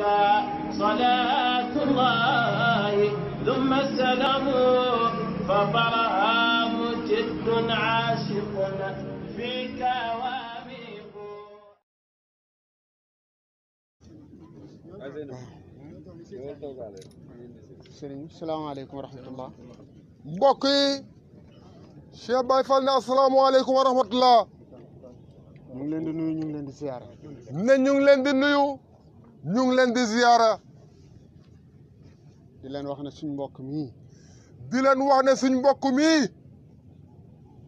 عليك صلاة الله ثم السلام فطرها مجد عاشق فيك واميق sëriñ salaamaaleykum wa rahmatullah mbokk yi Cheikh Baye Fall ne asalaamaaleykum wa rahmatullah ñu ngi leen di nuyu ñu ngi leen di siyaare ne ñu ngi leen di nuyu ñu ngi leen di ziyaara di leen wax ne suñ mbokk mi di leen wax ne suñ mbokk mi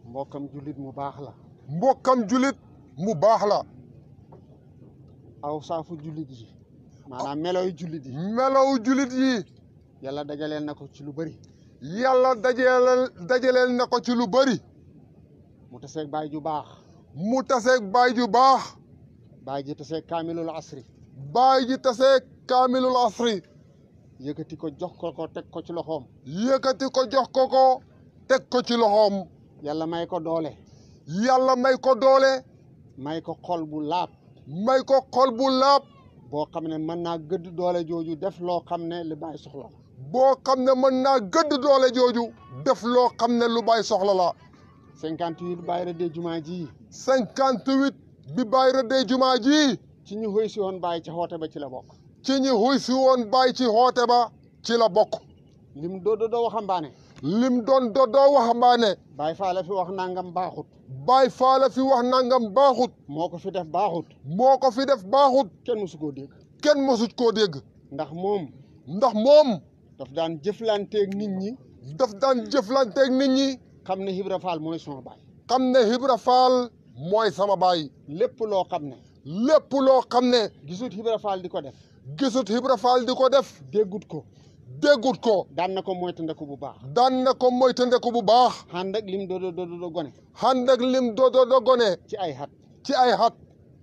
mbokkam julit mu baax la mbokkam julit mu baax la aw saafu jullit yi maanaam melow jullit yi melow julit yi yàlla dajaleel na ko ci lu bari yàlla dajaleel dajaleel na ko ci lu bëri mu taseeg baay ju baax mu taseeg baay ju baax baay ji taseeg kaamilul asri baa ji tasee kaamilul asri yëkkati ko jox ko ko teg ko ci loxoom yëkkati ko jox ko ko teg ko ci loxoom yàlla may ko doole yàlla may ko doole may ko xol bu laab may ko xol bu laap boo xam ne mën naa gëdd doole jooju def loo xam ne lu bàyyi boo xam ne mën naa gëdd doole jooju def loo xam ne lu bàyyi soxla la cinquante huit bàyyi rëddee jumaa ji cinquante huit bi bàyyi rëddee jumaa ji ci ñu xëy si woon bàyyi ci xoote ba ci la bokk ci ñu xëy si woon bàyyi ci xoote ba ci la bokk lim doo doo waxambaane lim doon doo doo waxambaane Baay Faal fi wax nangam baaxut Baay Faal fi wax nangam baaxut moo ko fi def baaxut moo ko fi def baaxut kenn mosu koo dégg kenn mosut koo dégg ndax moom ndax moom daf daan jëflanteeg nit ñi daf daan jëflanteeg nit ñi xam ne Ibra Faal mooy sama baay xam ne Ibra Faal mooy sama baay lépp loo xam ne lépp loo xam ne. gisut Ibra Fall di ko def. gisut Ibra Fall di ko def. déggut ko. déggut ko. daan na ko moytandiku bu baax. daan na ko moytandiku bu baax. ànd ak lim dodo dodo gone. ànd ak lim dodo dodo gone. ci ay xat. ci ay xat.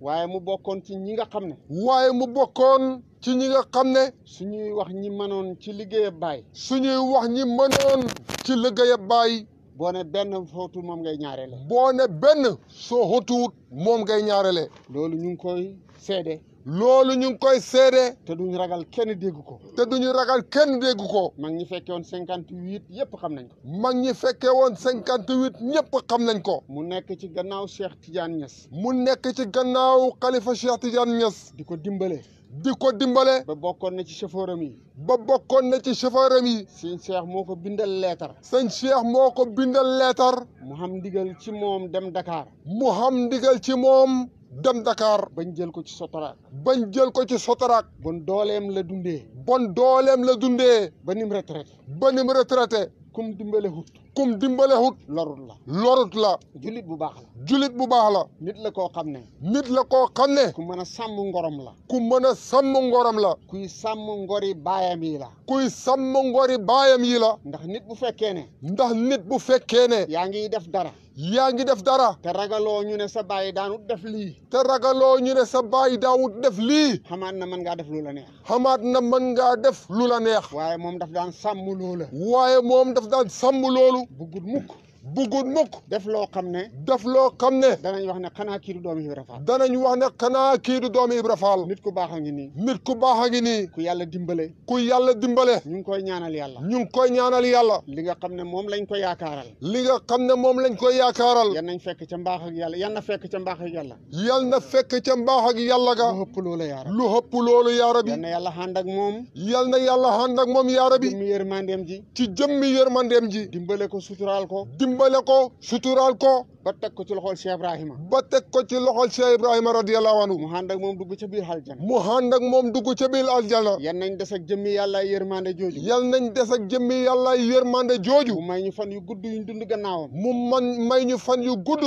waaye mu bokkoon ci ñi nga xam ne. waaye mu bokkoon. ci ñi nga xam ne. su ñuy wax ñi mënoon ci liggéeyab baay. suñuy wax ñi mënoon. ci liggéeyab baay. boo ne benn footu moom ngay ñaareele. boo ne benn soo xóotuwut moom ngay ñaareele. loolu ñu ngi koy seede. loolu ñu ngi koy seede. te duñu ragal kenn dégg ko. te duñu ragal kenn dégg ko. mag ñi fekke woon cinquante huit yëpp xam nañ ko. mag ñi fekke woon cinquante huit ñëpp xam nañ ko. mu nekk ci gannaaw Cheikh Tidiane Niass. mu nekk ci gannaaw kalifa Cheikh Tidiane Niass. di ko dimbale. di ko dimbale. ba bokkoon na ci chauffeuram yi. ba bokkoon na ci chauffeuram yi. sëñ Cheikh moo ko bindal leetar. sëñ Cheikh moo ko bindal leetar. mu xam ndigal ci moom dem Dakar. mu xam ndigal ci moom. dem Dakar. bañ jël ko ci sotaraak. bañ jël ko ci sotaraak. bon dooleem la dundee. bon dooleem la dundee. ba nim retraité. ba nim retraité. kum dimbale hut. kum dimbale hut. lorut la. lorut la. julit bu baax la. julit bu baax la. nit la koo xam ne. nit la koo xam ne. ku mën a sàmm ngorom la. ku mën a sàmm ngorom la. kuy sàmm ngori baayam yi la. kuy sàmm ngori baayam yi la. ndax nit bu fekkee ne. ndax nit bu fekkee ne. yaa ngiy def dara. yaa ngi def dara te ragaloo ñu ne sa baay daanut def lii te ragaloo ñu ne sa baay daawut def lii xamaat na mën ngaa def lu la neex xamaat na mën ngaa def lu la neex waaye moom daf daan sàmm loola waaye moom daf daan sàmm loolu buggut mukk bëggoon mukk def loo xam ne def loo xam ne danañ wax ne xanaa kii du doomi Ibra Faal danañ wax ne xanaa kii du doomi Ibra Faal nit ku baax a ngi ni nit ku baax a ngi nii ku yàlla dimbale ku yàlla dimbale ñu ngi koy ñaanal yàlla ñu ngi koy ñaanal yàlla li nga xam ne moom lañ ko yaakaaral li nga xam ne moom lañ ko yaakaaral yal nañ fekk ca mbaax ak yàlla yal na fekk ca mbaax ak yàlla yal na fekk ca mbaax ak yàlla ga lu hëpp loolu yaara lu hëpp loolu yaara bi yàlla ànd ak moom yal na yàlla ànd ak moom yaara bi ci jëmmi yërmandeem ji ci jëmmi yërmandeem ji dimbale ko suturaal ko dimbale ko suturaal ko ba teg ko ci loxol Cheikh Ibrahima ba teg ko ci loxol Cheikh Ibrahima radiyallahu anhu mu ànd ak moom dugg ca biir aljana mu ànd ak moom dugg ca biir aljana yal nañ des ak jëmmi yàlla yërmande jooju yal nañ des ak jëmmi yàlla yërmande jooju mu may ñu fan yu gudd yuñ dund gannaawam mu man may ñu fan yu gudd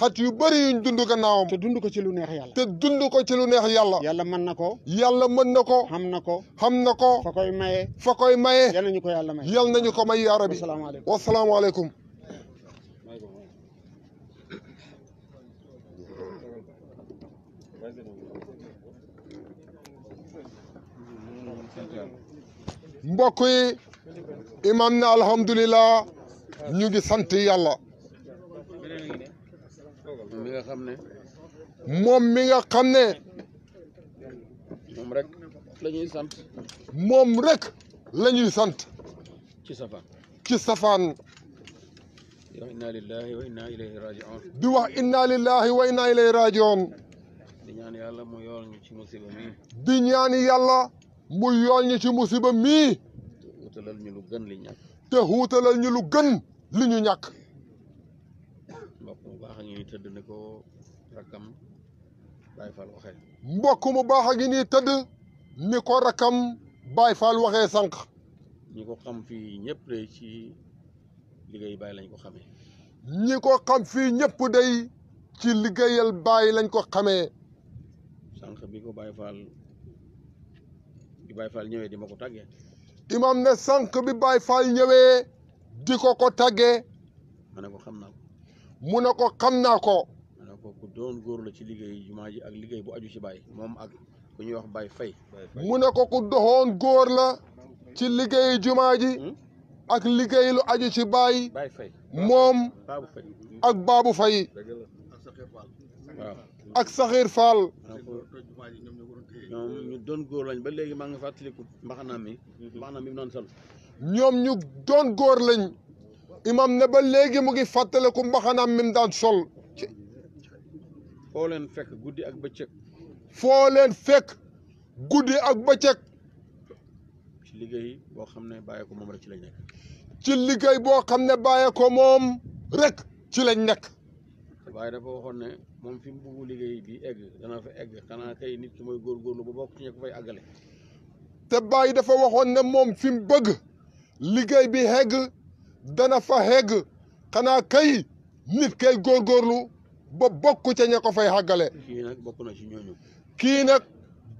xat yu bëri yuñ dund gannaawam te dund ko ci lu neex yàlla te dund ko ci lu neex yàlla yàlla mën na ko yàlla mën na ko xam na ko xam na ko fa koy maye fa koy maye yal nañu ko yàlla may yal nañu ko may yaa rabbi wasalaamaaleykum mbokk yi imam ne alhamdulilah ñu ngi sant yàlla mi nga xam ne moom mi nga xam ne moom rek lañuy sant moom rek la ñuy sant ci safaan ci safaan di wax inna lillahi wa inna ilayhi rajiun di wax ñaan yàlla mu yool mu yool ñi ci musiba mii te xuutalal ñu lu gën li ñàkk te xuutalal ñu lu gën li ñu ñàkk mbokk mu baax a ngi nii tëdd ni ko rakkam Baay Faal waxee mbokk sànq ñi ko xam fii ñëpp day ci liggéey Baay lañ ko xamee ñi ko xam fii ñëpp day ci liggéeyal Baay lañ ko xamee sànq bi ko Baay Faal Baye Fall ñëwee di ma ko tàggee. imam ne sànq bi Baye Fall ñëwee di ko ko tàggee. ma ne ko xam naa ko. mu ne ko xam naa ko. ma ne ko ku doon góor la ci liggéey jumaa ji ak liggéey bu aju ci Baye moom ak ku ñuy wax Baye Faye. mu ne ko doxoon góor la ci liggéey jumaa ji. Hmm? ak liggéey lu aju ci Baye. Baye Faye moom. ak Babou Faye. ak Saxiir Fall. ñoom mm-hmm. ñu doon góor lañ ba léegi maa ngi fàttaliku mbaxanaam mi mm-hmm. mbaxanaam mi mu doon sol ñoom ñu doon góor lañ imam ne ba léegi mu ngi fàttaliku mbaxanaam mi mu daan sol foo leen fekk guddi ak bëccëg foo leen fekk guddi ak bëccëg ci liggéey boo xam ne bàyyi ko moom rek ci lañ ci liggéey boo xam ne bàyyi moom rek ci lañ nekk waaye dafa waxoon ne moom fi mu buggu liggéey bi dana fa egg xanaa kay nit ki mooy góorgóorlu ba bokk ci ña ko fay àggale dafa waxoon ne moom fi mu bëgg bi hegg dana fa hegg xanaa kay nit kay góorgóorlu ba bokk ca ñako ko fay àggale kii nag bokk na ci ñooñu kii nag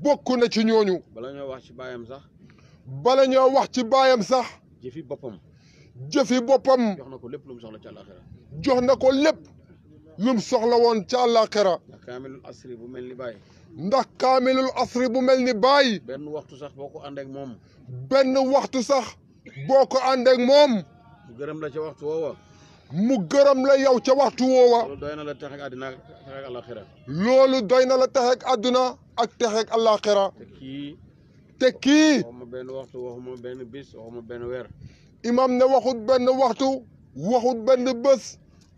bokk na ci ñooñu bala ñoo wax ci baayam sax bala wax ci baayam sax jëfi boppam jëfi boppam jox na ko lépp lu mu soxla ci àllaaxira jox na ko lépp lum soxla woon ca àllaaxira ndax kaamilul asri bu mel ni bàyyi. ndax kaamilul asri bu mel ni bàyyi. benn waxtu sax boo ko ànd moom. benn waxtu sax boo ko ànd moom. mu gërëm la ca waxtu woowa. mu gërëm la yow ca waxtu woowa. loolu doy na la tax ak ak tax ak àllaaxira. loolu na la tax àdduna ak tax ak kii. te kii. waxuma benn waxtu waxuma benn bis waxuma benn imam ne waxut benn waxtu waxut benn bés.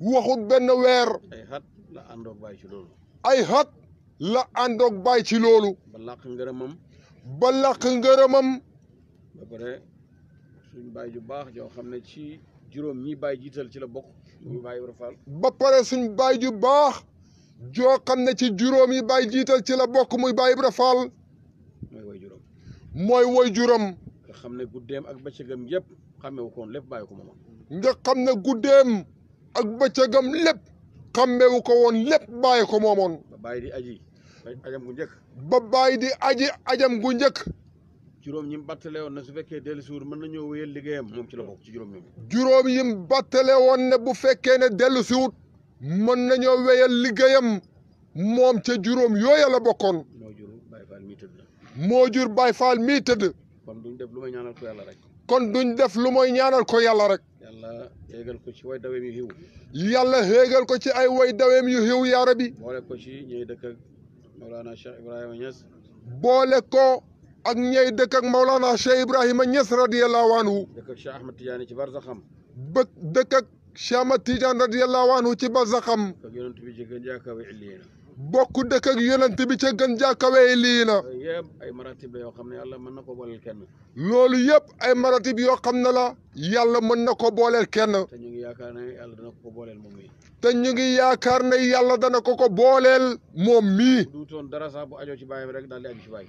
waxut benn weer. ay xat la àndoog bàyyi ci loolu. ay xat la àndoog bàyyi ci loolu. ba làq ngërëmam. ba làq ngërëmam. ba pare suñu bàyyi ju baax joo xam ne ci juróom ñi bàyyi jiital ci la bokk. muy bàyyi Ibra Fall. ba pare suñu bàyyi ju baax. joo xam ne ci juróom yi bàyyi jiital ci la bokk muy bàyyi Ibra Fall. mooy woy juróom. mooy woy juróom. nga xam ne guddeem ak bëccëgam yëpp xamee wu ko woon lépp bàyyi ko ne guddeem. ak bëccëgam lépp xammewu ko woon lépp bàyyi ko moomoon ba bàyyi di aji ajam gu njëkk ba bàyyi di aji ajam gu njëkk juróom yim bàttale woon ne su fekkee dellusiwul mën nañoo wéyal liggéeyam moom ci la juróom juróom yim bàttale woon ne bu fekkee ne dellusiwut mën nañoo wéyal liggéeyam moom ca juróom yooya la bokkoon moo jur Baye Fall mii tëdd moo jur Baye Fall mii tëdd kon duñ def lu may ñaanal ko yàlla rek kon ko yàlla rek yàlla xéegal ko ci way daweem yàlla xéegal ko ci ay way daweem yu xiw yaa rabbi ko ci ñey dëkk ak Mawlana Cheikh Ibrahima Niass boole ak ñey dëkk ak Mawlana Cheikh Ibrahima Niass radiyallahu anhu dëkk ak Cheikh ci barzaxam bëgg dëkk ak Cheikh Ahmed ci barzaxam ak yonent bokku dëkk ak yonent bi ca gën jàkkawee lii na. loolu ay maratib la yoo xam ne yàlla mën na ko booleel kenn. loolu yëpp ay maratib yoo xam ne la yàlla mën na ko booleel kenn. te ñu ngi yaakaar ne yàlla dana ko ko booleel moom mii. te ñu ngi yaakaar ne yàlla dana ko ko booleel moom mii. bu duutoon dara sax bu ajoo ci baayam rek daal di aju ci baay.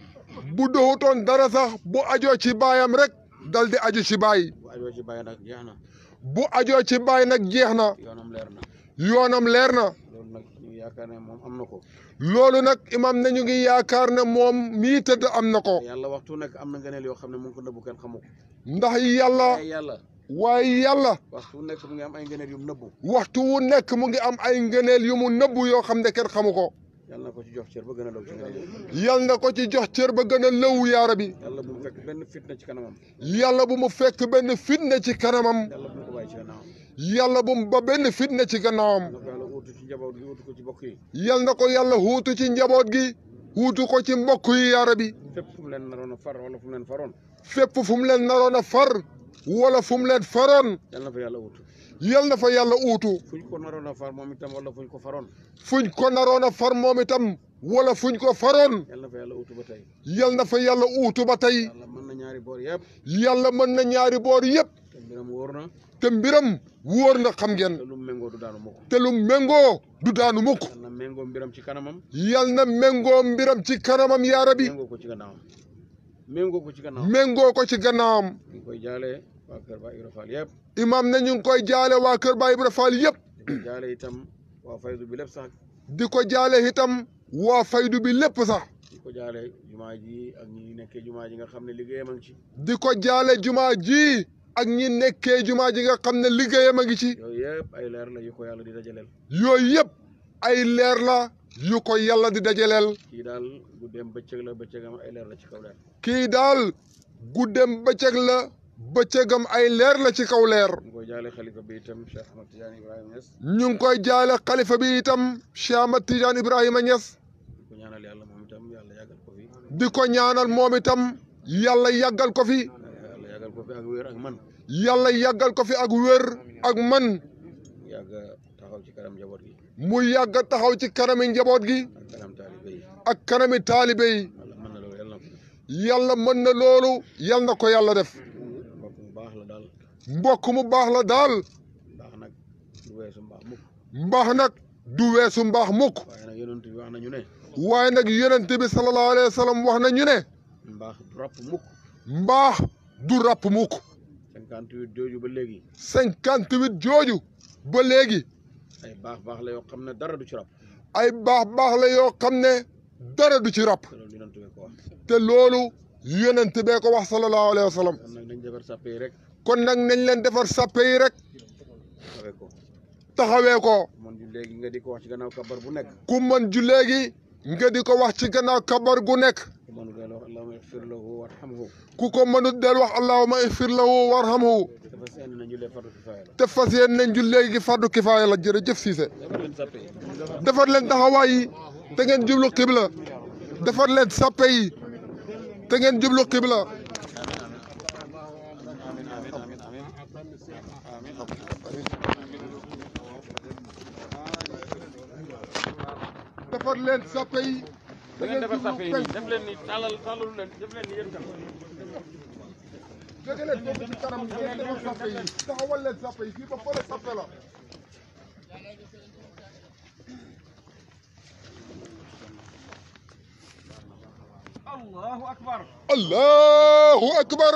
bu duutoon dara sax bu ajoo ci baayam rek dal di aju ci baay. bu ajoo baay nag jeex na. bu ajoo ci baay nag jeex na. yoonam leer na. yoonam leer na. yaakaar ne moom am na ko. loolu nag imam nañu ngi yaakaar ne moom mii tëdd am na ko. yàlla waxtu nekk am na ngëneel yoo xam ne mu ko nëbbu kenn xamu ko. ndax yàlla. waaye yàlla. waxtu wu nekk mu ngi am ay ngëneel yu mu nëbbu. waxtu wu nekk mu ngi am ay ngëneel yu mu nëbbu yoo xam ne kenn xamu ko. yal na ko ci jox cër ba gën a lëw ci yal na ko ci jox cër ba gën a lëw yaara bi. yàlla bu mu fekk benn fitna ci kanamam. yàlla bu mu fekk benn fitna ci kanamam. yàlla bu mu ba benn fitna ci gannaawam. njaboot gi wuutu ko ci mbokk yi. yal na ko yàlla wuutu ci njaboot gi wuutu ko ci mbokk yi yaa rabbi. fépp fu mu leen far wala fu faroon. fépp fu mu leen naroon a far wala fu mu leen faroon. yal na fa yàlla wuutu. yal na fa yàlla wuutu. fuñ ko naroon a far moom itam wala fuñ ko faroon. fuñ ko naroon a far moom itam. wala fuñ ko faroon. yal na fa yàlla uutu ba tey. yal na fa yàlla uutu ba tey. yàlla ñaari boor yëpp. yàlla mën na ñaari boor yëpp. te mbiram wóor na. te mbiram wóor na xam ngeen. te lu méngoo du daanu mukk. te lu du daanu mukk. yal na méngoo mbiram ci kanamam. yal na méngoo mbiram ci kanamam yaa rabi. méngoo ko ci gannaawam. méngoo ko ci gannaawam. méngoo ko ci gannaawam. koy jaale waa Kër Ba Ibra Fall yëpp. na ñu ngi koy jaale waa Kër Ba Ibra Fall yëpp. di ko jaale itam waa faydu bi lépp sax. di ko jaale itam waa faydu bi lépp sax. di ko jaale jumaa ji ak ñi nekkee jumaa ji nga xam ne liggéeyam a ci. di ko jaale jumaa ji. ak ñi nekkee jumaa ji nga xam ne liggéeyam a ngi ci. ay leer la yu yàlla di dajaleel. yooyu yëpp ay leer la yu yàlla di dajaleel. kii daal guddeem bëccëg la bëccëgam ay leer la ci kaw leer. kii daal guddeem bëccëg la. bëccëgam ay leer la ci kaw leer. ñu ngi koy jaale xalifa bi itam Cheikh Ahmad Ibrahima Niass. ngi koy jaale xalifa bi itam Cheikh Ahmad Tidiane Ibrahima Niass. di ko ñaanal yàlla moom itam yàlla yàggal ko fi. di ko yàlla yàggal ko fi. yàlla ko fi ak yàlla yàggal ko fi ak wér ak man mu yàgg taxaw ci kanami njaboot gi ak kanami taalibe yi yàlla mën na loolu yal na ko yàlla def mbokk mu baax la daal mbaax nag du weesu mbaax mukk waaye nag yonent bi sallallahu alayhi wa wax na ñu ne mbaax du ràpp mukk 58 jooju ba léegi. 58 jooju ba léegi. ay baax baax la yoo xam ne dara du ci rab. ay baax baax la yoo xam ne dara du ci rab. te loolu yonent bee ko wax sallallahu alayhi wa sallam. kon nag nañ defar sàppe rek. kon nag nañ leen defar sàppe rek. taxawee ko. ku mën ju léegi nga di ko wax ci gannaaw kabar nekk. ku mën ju léegi nga di ko wax ci gannaaw kabar gu nekk. ku ko mënut del wax del wax allahuma ixfir lahu warhamhu te fas yéene nañ jullee fardu kifaaya la te la jërëjëf Cissé defar leen taxawaay yi te ngeen jublu xibla defar leen sàppe yi te ngeen jublu xibla defar leen sàppe yi da ngeen defar saf yi nii def leen ni tàllal tàllalu leen def leen ni yéen kan. jóge leen foofu ci kanam ngeen defar saf yi taxawal leen saf yi fii ba fële saf la. Allahu akbar. Allahu akbar.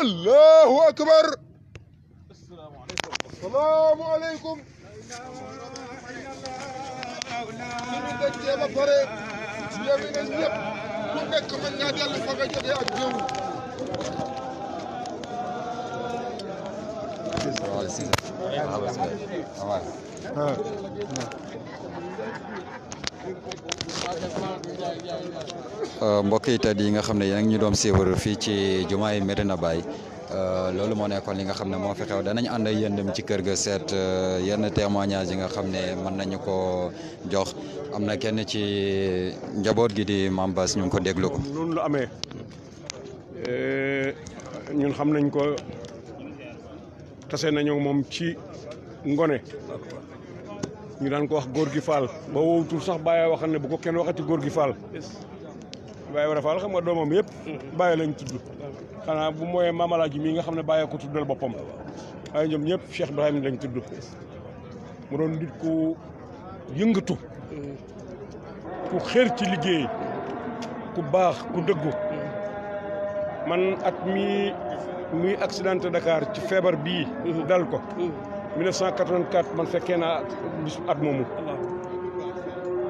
الله أكبر السلام عليكم ba pare yéen ñëpp ku nekk mën ngaa dellu fa nga jógee ak jëw waaw si waaw Euh, mbokk yi tey yi nga xam ne yéen ñu doon suivre fii ci jumaa yi Medina Baye euh, loolu moo nekkoon li nga xam ne moo fi xew danañ ànd yéen dem ci kër ga seet euh, yenn témoignage yi nga xam ne mën nañu ko jox am na kenn ci njaboot gi di Mame Bass ko déglu ko. noonu ñun xam nañ ko tase nañu moom ci ngone mu daan ko wax góor gi Fall ba wowutul sax bàyyi waxal ne bu ko kenn waxati góor gi Fall. bàyyi war xam nga doomam yëpp. Mm-hmm. bàyyi lañ tudd. xanaa bu mooyee mamala ji mii nga xam ne bàyyi ko tuddal boppam. waaye ñoom ñëpp Cheikh Ibrahim lañ tudd. mu doon nit ku yëngatu. Mm-hmm. ku xër ci liggéey. ku baax ku dëggu. Mm-hmm. man at mi muy accidenté Dakar ci feebar bii. dal ko. 1984 man fekkee naa bis at moomu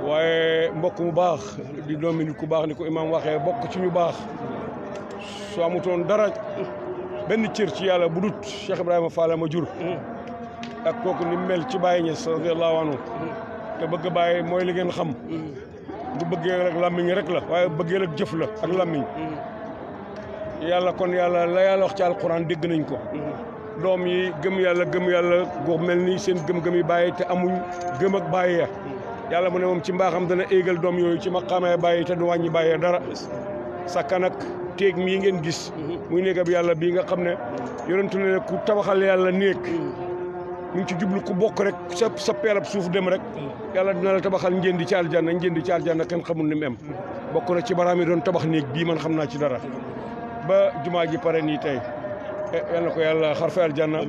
waaye mbokk mu baax di doomi nit ku baax ni ko imaam waxee bokk ci ñu baax soo amutoon dara benn cir ci yàlla bu dut Cheikh Ibrahima Fall ma jur ak kooku ni mel ci Baye Niass radiyallahu anhu te bëgg Baye mooy li ngeen xam du bëggee rek làmmiñ rek la waaye bëggee rek jëf la ak làmmiñ yàlla kon yàlla la yàlla wax ci alquran dégg nañ ko doom yi gëm yàlla gëm yàlla gu mel ni seen gëm-gëm yi bàyyi te amuñ gëm ak ya yàlla mu ne moom ci mbaaxam dana éegal doom yooyu ci maqaamee bàyyi te du wàññi bàyyi dara sakkan ak téeg yi ngeen gis mu néegab yàlla bii nga xam ne yonentu ne ku tabaxal yàlla néeg mu ngi ci jublu ku bokk rek sa sa peerab suuf dem rek yàlla dina la tabaxal ngeen di ci aljanna ngeen di ci aljanna kenn xamul ni mu am bokk na ci baraam doon tabax néeg bii man xam naa ci dara ba jumaa ji pare nii tey yal na ko yàlla xarfa aljanna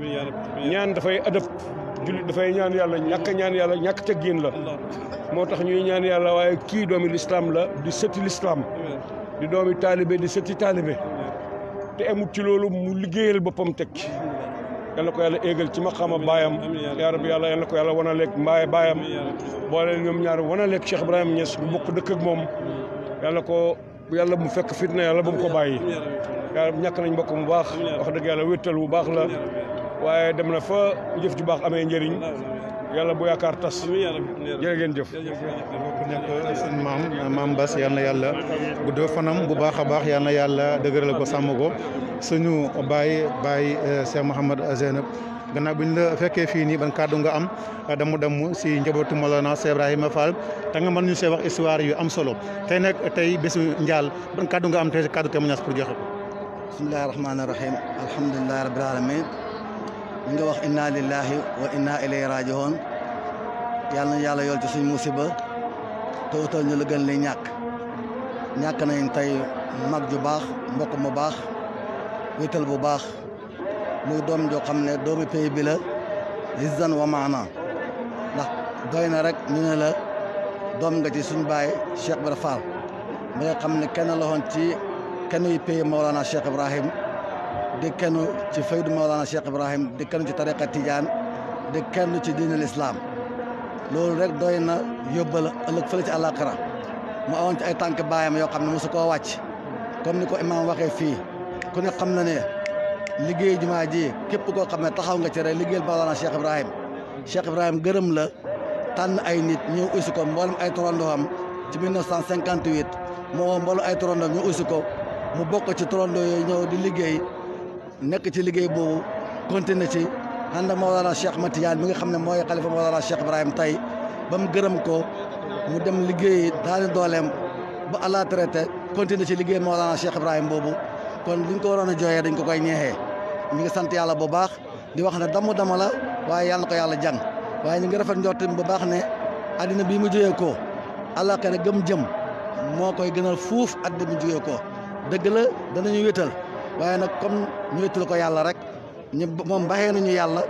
ñaan dafay adab jullit dafay ñaan yàlla ñàkk ñaan yàlla ñàkk teggin la moo tax ñuy ñaan yàlla waaye kii doomi lislaam la di sëti lislaam di doomi taalibe di sëti taalibe te amut ci loolu mu liggéeyal boppam tekki yal na ko yàlla éegal ci a baayam yaa rabbi yàlla yal na ko yàlla wanaleeg mbaay baayam boole ñoom ñaar wanaleeg Cheikh Ibrahima Niass bu bokk dëkk ak moom yal na ko yàlla mu fekk fitna yàlla ba mu ko bàyyi ñàkk nañ mbokk mu baax wax dëgg yàlla wéttal bu baax la waaye dem na fa jëf ju baax amee njëriñ yàlla bu yaakaar tas jërë ngeen jëf ku nekk seen maam maam Bass yal na yàlla guddoo fanam bu baax a baax yal na yàlla dëgëral ko sàmm ko suñu baay baay Cheikh Mouhamed Zeynab gannaaw bi ñu la fekkee fii nii ban kàddu nga am damu damu si njabootu Mawlana Cheikh Ibrahima Fall te nga mën ñu see wax histoire yu am solo tey nag tey bésu njaal ban kàddu nga am tey si kàddu témoignage pour joxe ko. bismillahi rahmaani rahim alhamdulillahi rabbil alamin mi nga wax inna lillahi wa inna ilayhi rajiun yàlla na yàlla yool ci suñ musiba tootal ñu la gën li ñàkk na nañ tey mag ju baax mbokk mu baax wétal bu baax muy doom joo xam ne doomi pays bi la izzan wa maana ndax doy na rek ñu ne la doom nga ci suñ baay Cheikh Ibra Fall mi nga xam ne kenn la woon ci kenuy pays Mawlana Cheikh Ibrahim di kenn ci faydu Mawlana Cheikh Ibrahim di kenn ci tariqa Tijaan di kenn ci diinal islaam loolu rek doy na yóbbal ëllëg fële ci àllaaxira mu awoon ay tànk baayam yoo xam ne mosu ko wàcc comme ni ko imaam waxee fii ku ne xam na ne liggéey jumaa ji képp koo xam ne taxaw nga ci rek liggéeyal Mawlana Cheikh Ibrahim Cheikh Ibrahim gërëm la tànn ay nit ñëw usi ko mboolem ay torondoom ci 1958 moo mboolem ay torondoom ñu usi ko mu bokk ci torondo yooyu ñëw di liggéey nekk ci liggéey boobu continué ci ànd ak Mawlana Cheikh Matiyaan mi nga xam ne mooy xalifa Mawlana Cheikh Ibrahim tey ba mu gërëm ko mu dem liggéey daani dooleem ba àlla traité continué ci liggéey Mawlana Cheikh Ibrahim boobu kon liñ ko waroon a jooyee dañ ko koy ñeexee ñu ngi sant yàlla bu baax di wax ne damu dama la waaye yàlla ko yàlla jàng waaye ñu ngi rafet njortam bu baax ne addina bii mu jógee koo àllaaxira gëm jëm moo koy gënal fuuf addina mu jógee ko dëgg la danañu wétal waaye nag comme ñu wétal ko yàlla rek ñu moom baxee ñu yàlla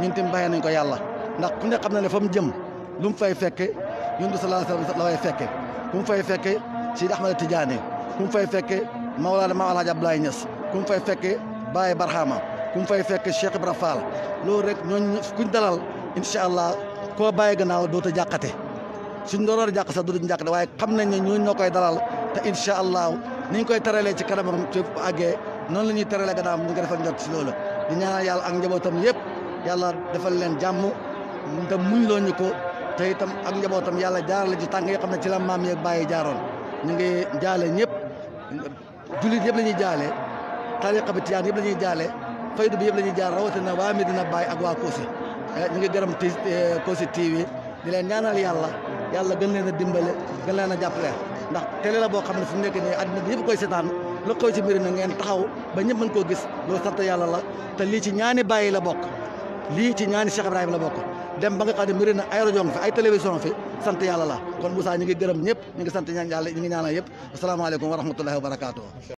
ñun tim baxee nañ ko yàlla ndax ku ne xam ne ne fa mu jëm lu mu fay fekke yonent bi sallallahu la fay fekke ku mu fay fekke ci Ahmad Mawlaana Maam Alhaji Abdoulaye Niass ku mu fay fekke Baye Barhama ku mu fay fekke Cheikh Ibra Fall loolu rek ñooñu kuñ dalal incha allah koo bàyyi gannaaw dootu jàqate suñ dooroor jàq sax dootuñ jàqate waaye xam nañ ne ñooñu ñoo koy dalal te incha allah ni ñu koy teralee ci kanamam ci bu àggee noonu la ñuy teralee gannaaw ñu ngi defal njot si loolu di ñaanal yàlla ak njabootam yëpp yàlla defal leen jàmm tam muñ loo ñu ko te itam ak njabootam yàlla jaarale ci tànk yoo xam ne ci la maam yeeg bàyyi jaaroon ñu ngi jaale ñëpp jullit yëpp la ñuy jaale tariqa bi tiyaan yëpp la ñuy jaale faydu bi yëpp la ñuy jaal na waa Medina Baye ak waa Kossy eh, ñu ngi gërëm ti eh, Kossy TV di ñaanal yàlla yàlla gën leen a dimbale gën leen a jàppale ndax télé la boo xam ne fu mu nekk nii àddina bi yëpp koy seetaan lu koy ci mbir na ngeen taxaw ba ñëpp mën koo gis loolu sant yalla la te lii ci ñaani Baye la bokk lii ci ñaani Cheikh Ibrahima la bokk dem ba nga xam na ay rajo fi ay télévision fi sant la kon Moussa ñu ngi gërëm ñëpp ñu ngi sant ñaan yàlla ñu ngi wa rahmatullahi